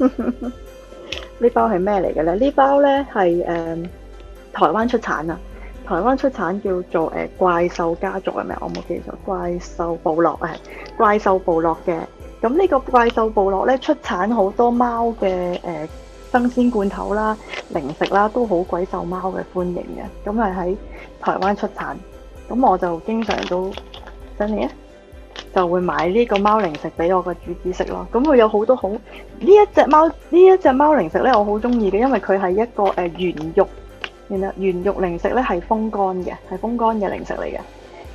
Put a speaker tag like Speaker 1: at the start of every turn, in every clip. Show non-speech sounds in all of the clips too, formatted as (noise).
Speaker 1: 呢這包係咩嚟嘅咧？呢包咧，係誒台灣出產啊，台灣出產叫做誒、呃、怪獸家族係咪？我冇記錯，怪獸部落係怪獸部落嘅。咁呢個怪獸部落咧出產好多貓嘅誒生鮮罐頭啦、零食啦，都好鬼受貓嘅歡迎嘅。咁係喺台灣出產，咁我就經常都，等你先。就會買呢個貓零食俾我個主子食咯。咁佢有好多好呢一隻貓呢一隻貓零食呢，我好中意嘅，因為佢係一個誒、呃、原肉，然後，原肉零食呢係風乾嘅，係風乾嘅零食嚟嘅。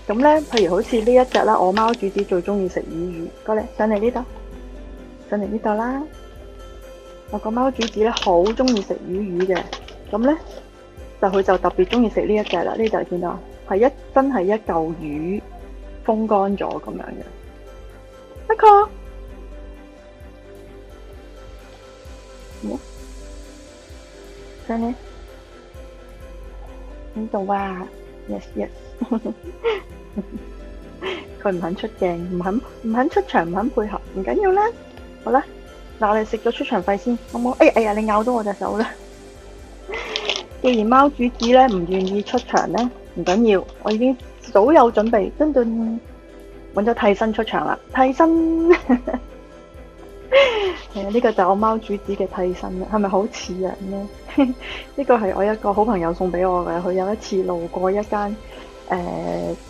Speaker 1: 咁呢，譬如好似呢一隻啦，我貓主子最中意食魚魚。過嚟上嚟呢度，上嚟呢度啦。我個貓主子呢，好中意食魚魚嘅。咁呢，就佢就特別中意食呢一隻啦。呢就見到係一真係一嚿魚。風乾咗咁樣嘅，咩個？咩？聽唔聽到話？Yes yes，佢唔肯出鏡，唔肯唔肯出場，唔肯配合，唔緊要啦。好啦，嗱我哋食咗出場費先，好唔好？哎哎呀，你咬到我隻手啦。既然貓主子咧唔願意出場咧，唔緊要，我已經。早有準備，跟住揾咗替身出場啦。替身，誒 (laughs) 呢、呃呢個就我貓主子嘅替身啦。係咪好似人咧？呢個係我一個好朋友送俾我嘅。佢有一次路過一間誒、呃、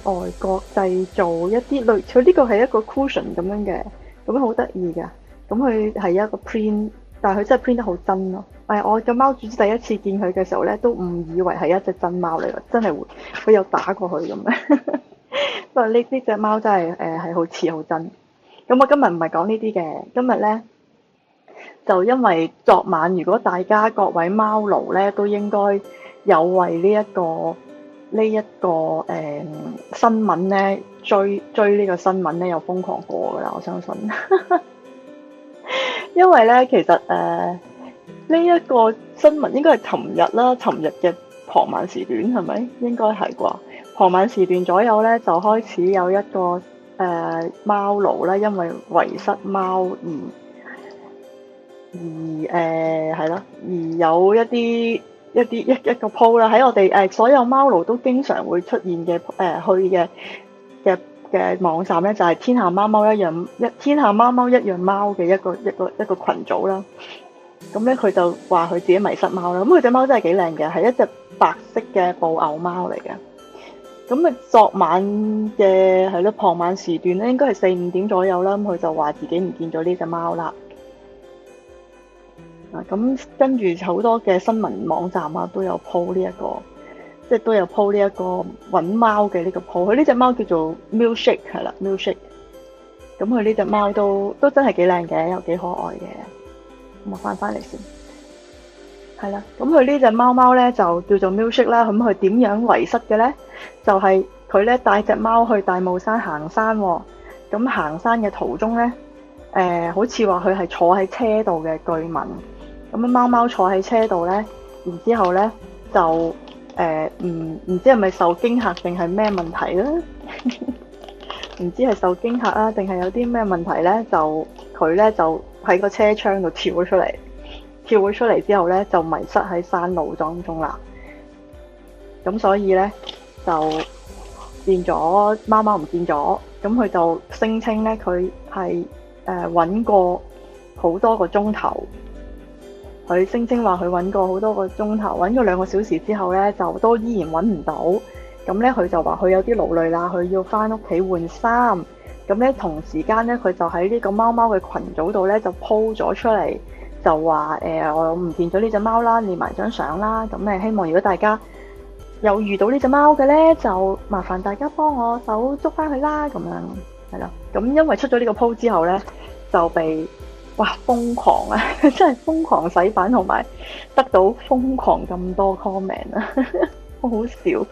Speaker 1: 外國製造一啲類似，呢個係一個 cushion 咁樣嘅，咁樣好得意噶。咁佢係一個 print。但係佢真係編得好真咯！係、哎、我嘅貓主子第一次見佢嘅時候咧，都誤以為係一隻真貓嚟㗎，真係會佢有打過去咁樣。 (laughs) 不過呢呢隻貓真係誒係好似好真。咁我今日唔係講呢啲嘅，今日咧就因為昨晚，如果大家各位貓奴咧，都應該有為呢、呢、一個呢一、呢個誒、呃、新聞咧追追呢個新聞咧，又瘋狂過㗎啦，我相信。 (laughs) 因為咧，其實誒，呢、呃、一、這個新聞應該係尋日啦，尋日嘅傍晚時段係咪？應該係啩？傍晚時段左右咧，就開始有一個誒貓奴咧，因為遺失貓、嗯、而而誒係咯，而有一啲一啲一一個鋪啦，喺我哋誒所有貓奴都經常會出現嘅誒、呃、去嘅一。的嘅網站咧就係天下貓貓一樣，一天下貓貓一樣貓嘅一個一個一個羣組啦。咁咧佢就話佢自己迷失貓啦。咁佢隻貓真係幾靚嘅，係一隻白色嘅布偶貓嚟嘅。咁啊，昨晚嘅係咯，傍晚時段咧，應該係四五點左右啦。咁佢就話自己唔見咗呢隻貓啦。咁跟住好多嘅新聞網站啊都有 po 呢一個。即係都有鋪呢、這、一個揾貓嘅呢個 po 佢呢隻貓叫做 Milkshake 係啦，Milkshake。咁佢呢隻貓都都真係幾靚嘅，又幾可愛嘅。咁啊，翻返嚟先。係啦，咁佢呢隻貓貓咧就叫做 Milkshake 啦。咁佢點樣遺失嘅咧？就係佢咧帶隻貓去大帽山行山、哦，咁行山嘅途中咧、呃，好似話佢係坐喺車度嘅據聞。咁樣貓貓坐喺車度咧，然之後咧就。誒，唔唔、呃嗯、知係咪受驚吓定係咩問題咧？唔 (laughs) 知係受驚吓啊，定係有啲咩問題咧？就佢咧就喺個車窗度跳咗出嚟，跳咗出嚟之後咧就迷失喺山路當中啦。咁所以咧就變咗貓貓唔見咗，咁佢就聲稱咧佢係誒搵過好多個鐘頭。佢聲稱話佢揾過好多個鐘頭，揾咗兩個小時之後呢，就都依然揾唔到。咁呢，佢就話佢有啲勞累啦，佢要翻屋企換衫。咁呢，同時間呢，佢就喺呢個貓貓嘅群組度呢，就鋪咗出嚟，就話誒、呃、我唔見咗呢隻貓啦，連埋張相啦。咁呢，希望如果大家有遇到呢隻貓嘅呢，就麻煩大家幫我手捉翻佢啦。咁樣係啦。咁因為出咗呢個鋪之後呢，就被。哇！瘋狂啊，真係瘋狂洗版，同埋得到瘋狂咁多 comment 啊，好笑。誒、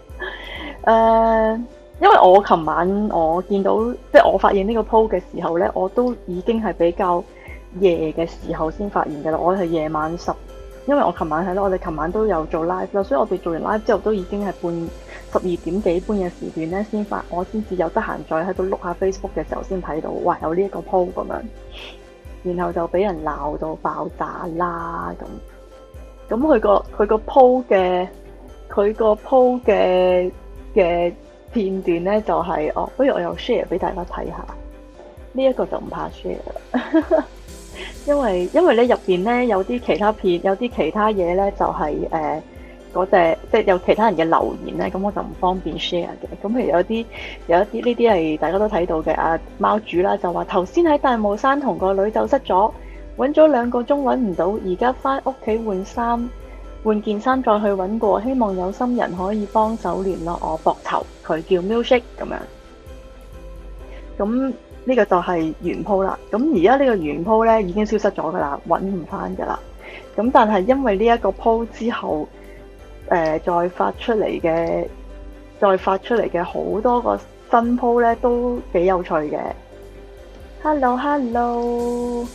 Speaker 1: uh,，因為我琴晚我見到，即係我發現呢個 post 嘅時候呢，我都已經係比較夜嘅時候先發現嘅啦。我係夜晚十，因為我琴晚係咯，我哋琴晚都有做 live 啦，所以我哋做完 live 之後都已經係半十二點幾半嘅時段呢，先發，我先至有得閒再喺度碌下 Facebook 嘅時候先睇到，哇！有呢一個 post 咁樣。然後就俾人鬧到爆炸啦咁，咁佢個佢個 po 嘅佢個 po 嘅嘅片段咧就係、是、哦，不如我又 share 俾大家睇下，呢、這、一個就唔怕 share 啦， (laughs) 因為因為咧入邊咧有啲其他片，有啲其他嘢咧就係、是、誒。呃嗰隻、那個、即係有其他人嘅留言呢，咁我就唔方便 share 嘅。咁譬如有啲有一啲呢啲係大家都睇到嘅。阿貓主啦就話頭先喺大帽山同個女走失咗，揾咗兩個鐘揾唔到，而家翻屋企換衫換件衫再去揾過，希望有心人可以幫手聯絡我頭。博頭佢叫 Milkshake 咁樣。咁呢、這個就係原 po 啦。咁而家呢個原 po 呢，已經消失咗㗎啦，揾唔翻㗎啦。咁但係因為呢一個 po 之後。誒、呃，再發出嚟嘅，再發出嚟嘅好多個新鋪咧，都幾有趣嘅。Hello，Hello，Hello，Hello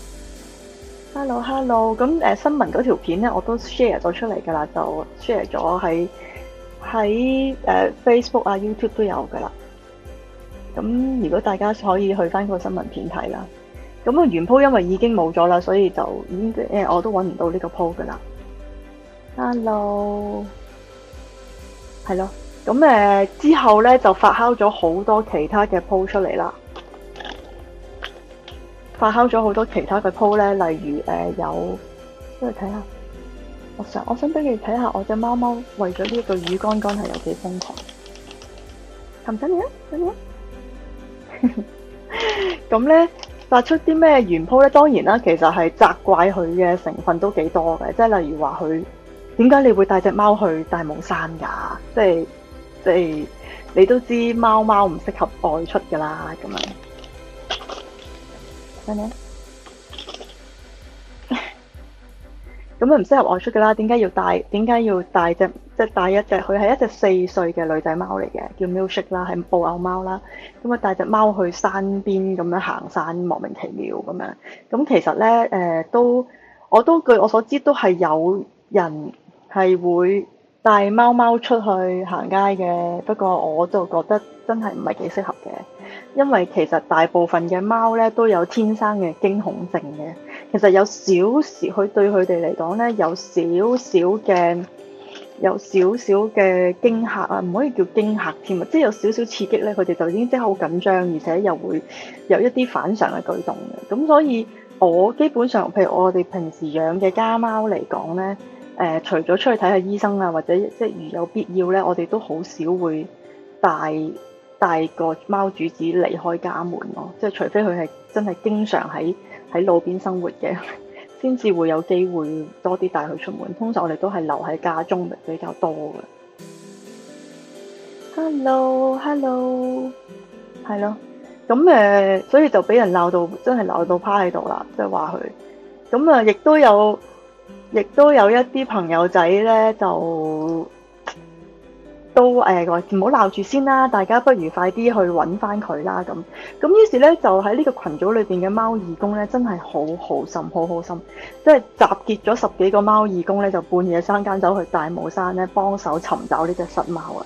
Speaker 1: hello. Hello, hello.。咁、呃、誒，新聞嗰條片咧，我都 share 咗出嚟噶啦，就 share 咗喺喺誒、呃、Facebook 啊、YouTube 都有噶啦。咁如果大家可以去返個新聞片睇啦。咁個原鋪因為已經冇咗啦，所以就已經誒、呃，我都揾唔到呢個鋪噶啦。Hello。係咯，咁誒之後咧就發酵咗好多其他嘅鋪出嚟啦，發酵咗好多其他嘅鋪咧，例如誒、呃、有，我睇下，我想看看我想俾你睇下我隻貓貓為咗呢一個魚乾乾係有幾瘋狂，凼緊你啊，凼你啊，咁咧 (laughs) 發出啲咩原鋪咧？當然啦，其實係責怪佢嘅成分都幾多嘅，即係例如話佢。點解你會帶隻貓去大帽山噶？即係即係你都知貓貓唔適合外出噶啦，咁樣。咁啊，唔適合外出噶啦。點解要帶？點解要帶隻即係帶一隻？佢係一隻四歲嘅女仔貓嚟嘅，叫 Milkshake 啦，係布偶貓啦。咁啊，帶隻貓去山邊咁樣行山，莫名其妙咁樣，樣。咁其實咧，誒、呃，都我都據我所知，都係有人。係會帶貓貓出去行街嘅，不過我就覺得真係唔係幾適合嘅，因為其實大部分嘅貓咧都有天生嘅驚恐症嘅。其實有少時佢對佢哋嚟講咧有少少嘅有少少嘅驚嚇啊，唔可以叫驚嚇添啊，即係有少少刺激咧，佢哋就已經即係好緊張，而且又會有一啲反常嘅舉動嘅。咁所以我基本上，譬如我哋平時養嘅家貓嚟講咧。誒、呃，除咗出去睇下醫生啊，或者即係如有必要咧，我哋都好少會帶帶個貓主子離開家門咯。即係除非佢係真係經常喺喺路邊生活嘅，先至會有機會多啲帶佢出門。通常我哋都係留喺家中比較多嘅。Hello，hello，係咯。咁誒，所以就俾人鬧到真係鬧到趴喺度啦。即係話佢咁啊，亦都有。亦都有一啲朋友仔咧，就都誒，唔好鬧住先啦，大家不如快啲去揾翻佢啦咁。咁於是呢，就喺呢個群組裏邊嘅貓義工呢，真係好好心，好好心，即係集結咗十幾個貓義工呢，就半夜三更走去大帽山咧，幫手尋找呢隻失貓啊！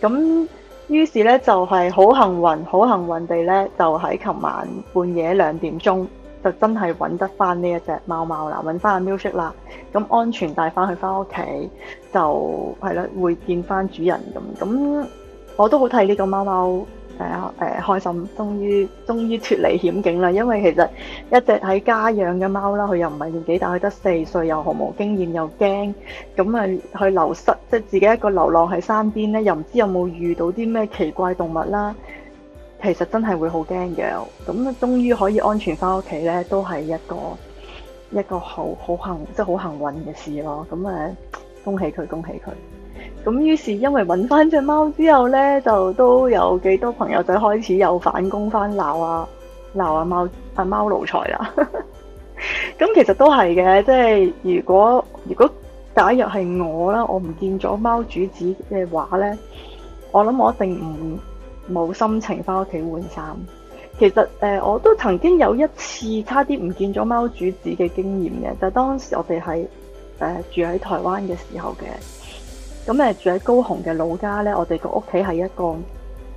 Speaker 1: 咁於是呢，就係、是、好幸運，好幸運地呢，就喺琴晚半夜兩點鐘。就真係揾得翻呢一隻貓貓啦，揾翻阿 Milkshake 啦，咁安全帶翻去翻屋企，就係啦，會見翻主人咁。咁我都好睇呢個貓貓誒誒開心，終於終於脫離險境啦。因為其實一隻喺家養嘅貓啦，佢又唔係年紀大，佢得四歲，又毫無經驗，又驚，咁啊佢流失，即係自己一個流浪喺山邊呢，又唔知有冇遇到啲咩奇怪動物啦。其實真係會好驚嘅，咁啊終於可以安全翻屋企咧，都係一個一個好好幸，即係好幸運嘅事咯。咁誒，恭喜佢，恭喜佢。咁於是因為搵翻隻貓之後呢，就都有幾多朋友仔開始又反攻翻鬧啊鬧啊，啊貓啊貓奴才啦。咁 (laughs) 其實都係嘅，即係如果如果假若係我啦，我唔見咗貓主子嘅話呢，我諗我一定唔。冇心情翻屋企換衫，其實誒、呃、我都曾經有一次差啲唔見咗貓主子嘅經驗嘅，就係、是、當時我哋係誒住喺台灣嘅時候嘅，咁誒、呃、住喺高雄嘅老家咧，我哋個屋企係一個、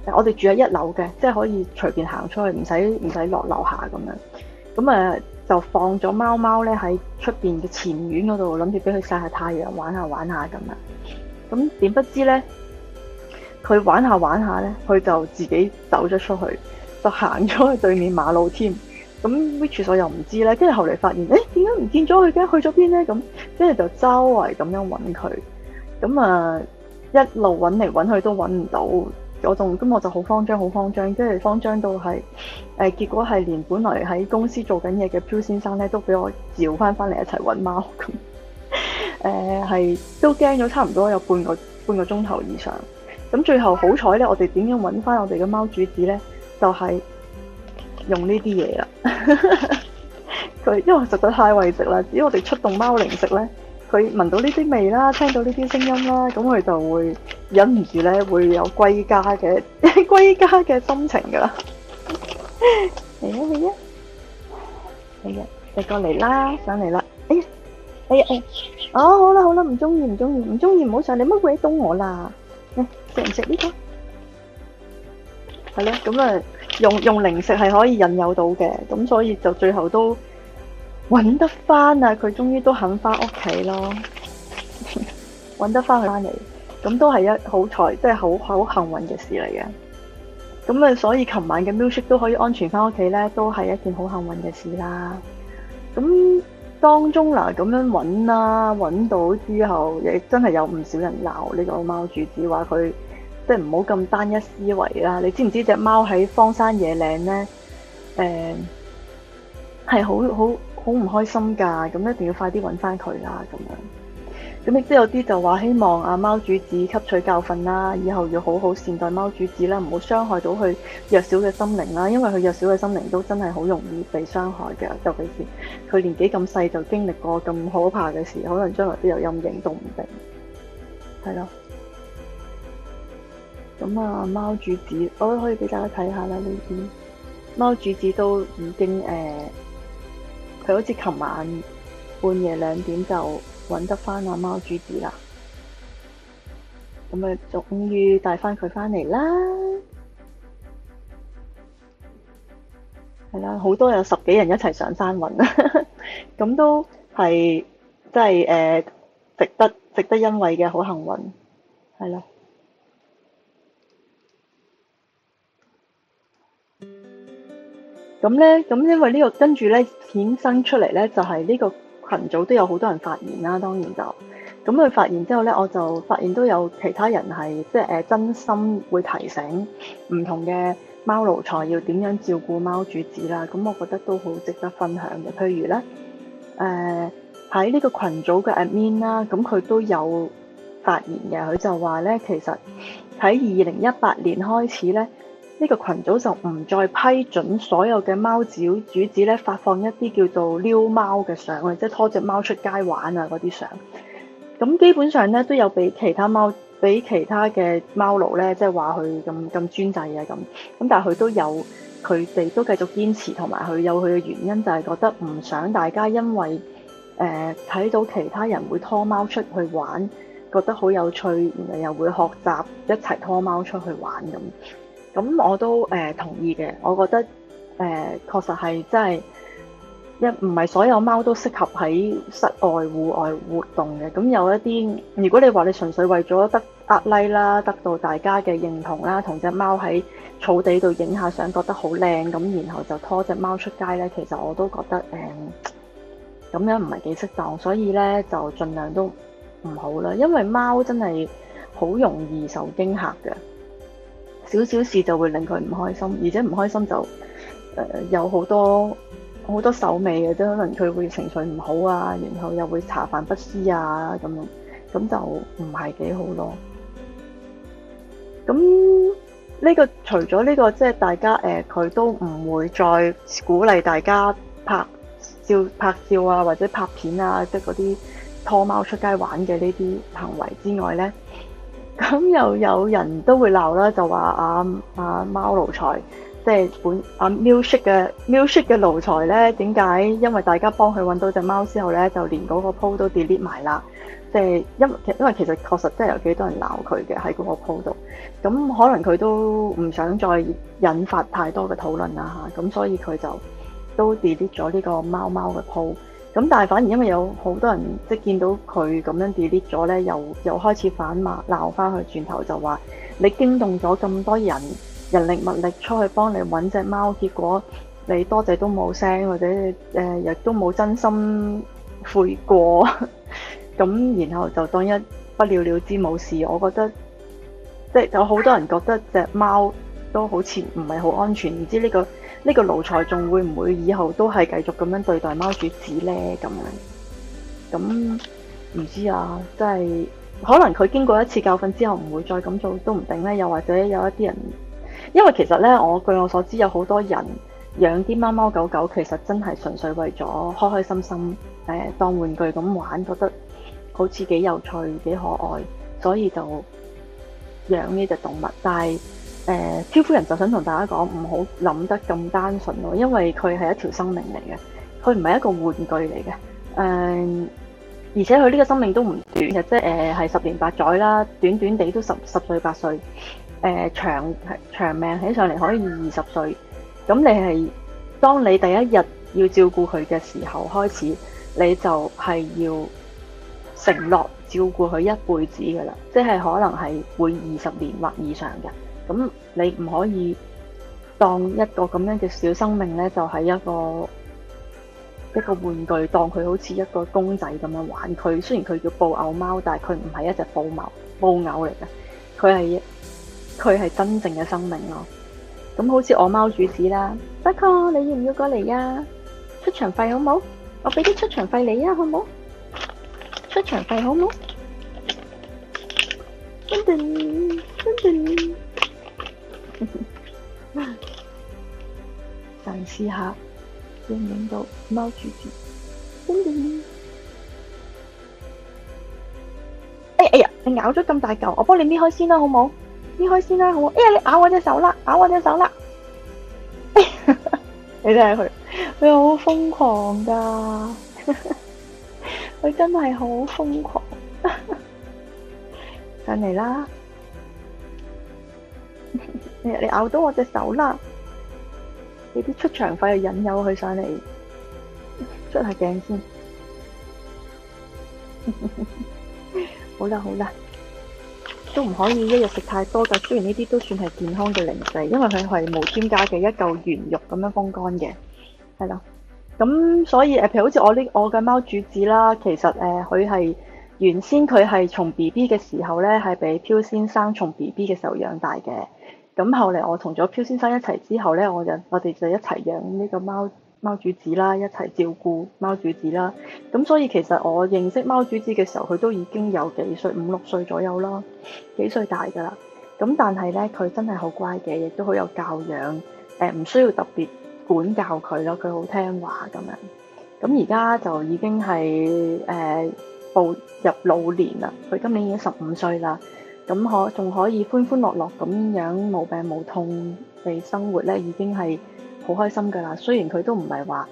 Speaker 1: 呃、我哋住喺一樓嘅，即係可以隨便行出去，唔使唔使落樓下咁樣，咁啊、呃、就放咗貓貓咧喺出邊嘅前院嗰度，諗住俾佢曬下太陽，玩下玩下咁樣，咁點不知咧？佢玩下玩下咧，佢就自己走咗出去，就行咗去對面馬路添。咁 which 我又唔知咧，跟住後嚟發現，誒，點解唔見咗佢嘅？去咗邊咧？咁，跟住就周圍咁樣揾佢。咁啊，一路揾嚟揾去都揾唔到我仲，咁我就好慌張，好慌張，即係慌張到係，誒、呃，結果係連本來喺公司做緊嘢嘅漂先生咧，都俾我召翻翻嚟一齊搵貓。誒、 (laughs) 呃，係都驚咗差唔多有半個半個鐘頭以上。咁最後好彩咧，我哋點樣揾翻我哋嘅貓主子咧？就係、是、用呢啲嘢啦。佢 (laughs) 因為實在太餓食啦，只要我哋出動貓零食咧，佢聞到呢啲味啦，聽到呢啲聲音啦，咁佢就會忍唔住咧，會有歸家嘅歸家嘅心情噶啦。嚟 (laughs) 啦、啊，嚟啦、啊，你過嚟啦，上嚟啦。哎呀，哎呀，哎呀，哦好啦，好啦，唔中意，唔中意，唔中意，唔好上，你乜鬼到我啦？食唔食呢個？係咯，咁啊，用用零食係可以引誘到嘅，咁所以就最後都揾得翻啊！佢終於都肯翻屋企咯，揾 (laughs) 得翻佢翻嚟，咁都係一好彩，即係好好幸運嘅事嚟嘅。咁啊，所以琴晚嘅 music 都可以安全翻屋企咧，都係一件好幸運嘅事啦。咁當中嗱，咁樣揾啦、啊，揾到之後，亦真係有唔少人鬧呢個貓主子話佢。即係唔好咁單一思維啦，你知唔知隻貓喺荒山野嶺咧？誒、嗯，係好好好唔開心噶，咁一定要快啲搵翻佢啦，咁樣。咁亦都有啲就話希望阿貓主子吸取教訓啦，以後要好好善待貓主子啦，唔好傷害到佢弱小嘅心靈啦，因為佢弱小嘅心靈都真係好容易被傷害嘅，尤其是佢年紀咁細就經歷過咁可怕嘅事，可能將來都有陰影都不，都唔定，係咯。咁啊，貓主子，我、哦、都可以俾大家睇下啦、啊。呢啲貓主子都已經誒，佢、呃、好似琴晚半夜兩點就搵得翻啊，貓主子就終於帶回回啦。咁啊，終於帶翻佢翻嚟啦。係啦，好多有十幾人一齊上山搵，咁 (laughs) 都係即係誒、呃，值得值得欣慰嘅，好幸運，係啦。咁咧，咁因為、這個，呢個跟住咧，衍生出嚟咧，就係、是，呢個群組都有好多人發言啦、啊。當然就咁佢發言之後咧，我就發現都有其他人係即係誒，真心會提醒唔同嘅貓奴才要點樣照顧貓主子啦。咁我覺得都好值得分享嘅。譬如咧，誒喺呢個群組嘅 admin 啦，咁佢都有發言嘅。佢就話咧，其實喺二零一八年開始咧。呢個群組就唔再批准所有嘅貓主主子咧發放一啲叫做溜貓嘅相嘅，即係拖隻貓出街玩啊嗰啲相。咁基本上咧都有俾其他貓，俾其他嘅貓奴咧，即係話佢咁咁專制啊咁。咁但係佢都有佢哋都繼續堅持，同埋佢有佢嘅原因，就係覺得唔想大家因為誒睇、呃、到其他人會拖貓出去玩，覺得好有趣，然後又會學習一齊拖貓出去玩咁。咁我都、呃、同意嘅，我覺得呃、確實係真係一唔係所有貓都適合喺室外戶外活動嘅。咁有一啲，如果你話你純粹為咗得呃 like 啦，得到大家嘅認同啦，同隻貓喺草地度影下相，覺得好靚咁，然後就拖隻貓出街呢，其實我都覺得誒呃、咁樣唔係幾適當，所以呢就盡量都唔好啦，因為貓真係好容易受驚嚇嘅。少少事就會令佢唔開心，而且唔開心就誒、呃、有好多好多手尾嘅，即可能佢會情緒唔好啊，然後又會茶飯不思啊咁樣，咁就唔係幾好咯。咁呢、呢個除咗呢、呢個即係大家誒，佢、呃、都唔會再鼓勵大家拍照、拍照啊，或者拍片啊，即係嗰啲拖貓出街玩嘅呢啲行為之外咧，咁又有人都會鬧啦，就話啊、啊貓奴才，即係本啊 Milkshake 嘅 Milkshake 嘅奴才咧，點解？因為大家幫佢搵到隻貓之後咧，就連嗰個 po 都 delete 埋啦。即係因為因為其實確實真係有幾多人鬧佢嘅喺嗰個 po 度，咁可能佢都唔想再引發太多嘅討論啦嚇，咁所以佢就都 delete 咗呢個貓貓嘅 po。咁但係反而因為有好多人即見到佢咁樣 delete 咗呢，又又開始反罵鬧翻去轉頭，就話你驚動咗咁多人人力物力出去幫你揾隻貓，結果你多謝都冇聲，或者呃亦、呃、都冇真心悔過，咁 (laughs) 然後就當一不了了之冇事。我覺得即有好多人覺得隻貓都好似唔係好安全，唔知呢、呢個。呢個奴才仲會唔會以後都係繼續咁樣對待貓主子呢？咁樣咁唔知啊，即係可能佢經過一次教訓之後唔會再咁做，都唔定呢。又或者有一啲人，因為其實呢，我據我所知有好多人養啲貓貓狗狗，其實真係純粹為咗開開心心，誒、呃、當玩具咁玩，覺得好似幾有趣、幾可愛，所以就養呢隻動物，但係。誒，漂夫人就想同大家講，唔好諗得咁單純咯，因為佢係一條生命嚟嘅，佢唔係一個玩具嚟嘅。誒、呃，而且佢呢個生命都唔短嘅，即係係十年八載啦，短短地都十十歲八歲。誒、呃，長長命起上嚟，可以二十歲。咁你係當你第一日要照顧佢嘅時候開始，你就係要承諾照顧佢一輩子噶啦，即係可能係會二十年或以上嘅。咁你唔可以當一個咁樣嘅小生命咧，就係一個一個玩具，當佢好似一個公仔咁樣玩。佢雖然佢叫布偶貓，但係佢唔係一隻布偶布偶嚟嘅，佢係佢係真正嘅生命咯。咁好似我貓主子啦，不過你要唔要過嚟呀？出場費好唔好？我俾啲出場費你呀，好唔好？出場費好唔好？叮叮。嘗試 (laughs) 下，要影到貓主子。哎哎呀，你咬咗咁大嚿，我幫你搣開先啦，好唔好？搣開先啦，好唔好？哎、欸、呀，你咬我隻手啦，咬我隻手啦！欸、 (laughs) 你睇下佢，佢好瘋狂噶，佢 (laughs) 真係好瘋狂。 (laughs) 上嚟啦！你咬到我隻手啦！你啲出場費啊，引誘佢上嚟。出下鏡先， (laughs) 好啦好啦，都唔可以一日食太多噶。雖然呢啲都算係健康嘅零食，因為佢係無添加嘅一嚿原肉咁樣風乾嘅，係啦。咁所以誒，譬如好似我呢，我嘅貓主子啦，其實誒佢係原先佢係從 B B 嘅時候咧，係俾漂先生從 B B 嘅時候養大嘅。咁後嚟我同咗漂先生一齊之後呢，我就我哋就一齊養呢個貓貓主子啦，一齊照顧貓主子啦。咁所以其實我認識貓主子嘅時候，佢都已經有幾歲，五六歲左右啦，幾歲大噶啦。咁但係呢，佢真係好乖嘅，亦都好有教養。呃，唔需要特別管教佢咯，佢好聽話咁樣。咁而家就已經係呃、步入老年啦。佢今年已經十五歲啦。咁可仲可以歡歡樂樂咁樣冇病冇痛地生活咧，已經係好開心噶啦。雖然佢都唔係話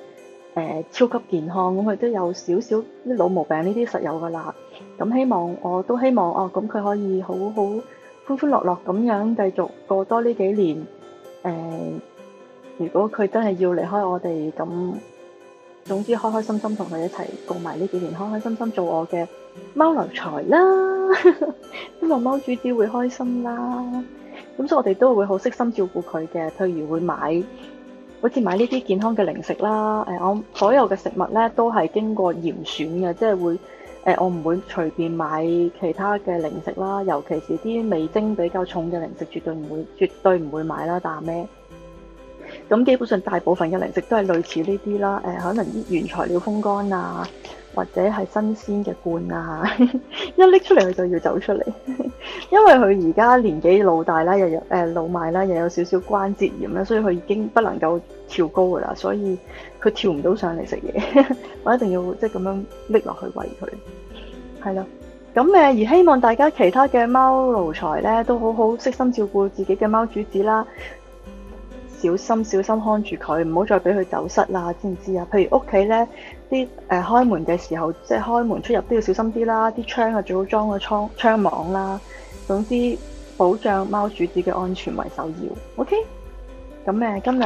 Speaker 1: 誒超級健康咁，佢都有少少啲老毛病呢啲實有噶啦。咁希望我都希望哦，咁佢可以好好歡歡樂樂咁樣繼續過多呢幾年。誒、呃，如果佢真係要離開我哋，咁總之開開心心同佢一齊共埋呢幾年，開開心心做我嘅貓奴才啦。因為貓主子會開心啦，咁所以我哋都會好悉心照顧佢嘅，譬如會買，好似買呢啲健康嘅零食啦。誒、欸，我所有嘅食物咧都係經過嚴選嘅，即係會誒、欸，我唔會隨便買其他嘅零食啦，尤其是啲味精比較重嘅零食絕對唔會，絕對唔會買啦。但咩？咁基本上大部分嘅零食都係類似呢啲啦。誒、欸，可能原材料風乾啊。或者係新鮮嘅罐啊，一拎出嚟佢就要走出嚟，因為佢而家年紀老大啦，又有誒、呃、老邁啦，又有少少關節炎啦，所以佢已經不能夠跳高噶啦，所以佢跳唔到上嚟食嘢，我一定要即係咁樣拎落去餵佢，係啦，咁誒而希望大家其他嘅貓奴才咧都好好悉心照顧自己嘅貓主子啦，小心小心看住佢，唔好再俾佢走失啦，知唔知啊？譬如屋企咧。啲誒開門嘅時候，即係開門出入都要小心啲啦。啲窗啊最好裝個窗窗網啦。總之保障貓主子嘅安全為首要。OK，咁誒今日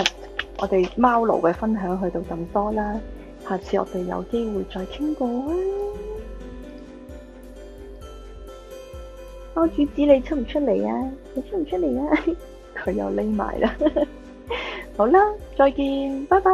Speaker 1: 我哋貓奴嘅分享去到咁多啦。下次我哋有機會再傾過啊。貓主子你出唔出嚟啊？你出唔出嚟啊？佢又匿埋啦。 (laughs) 好啦，再見，拜拜。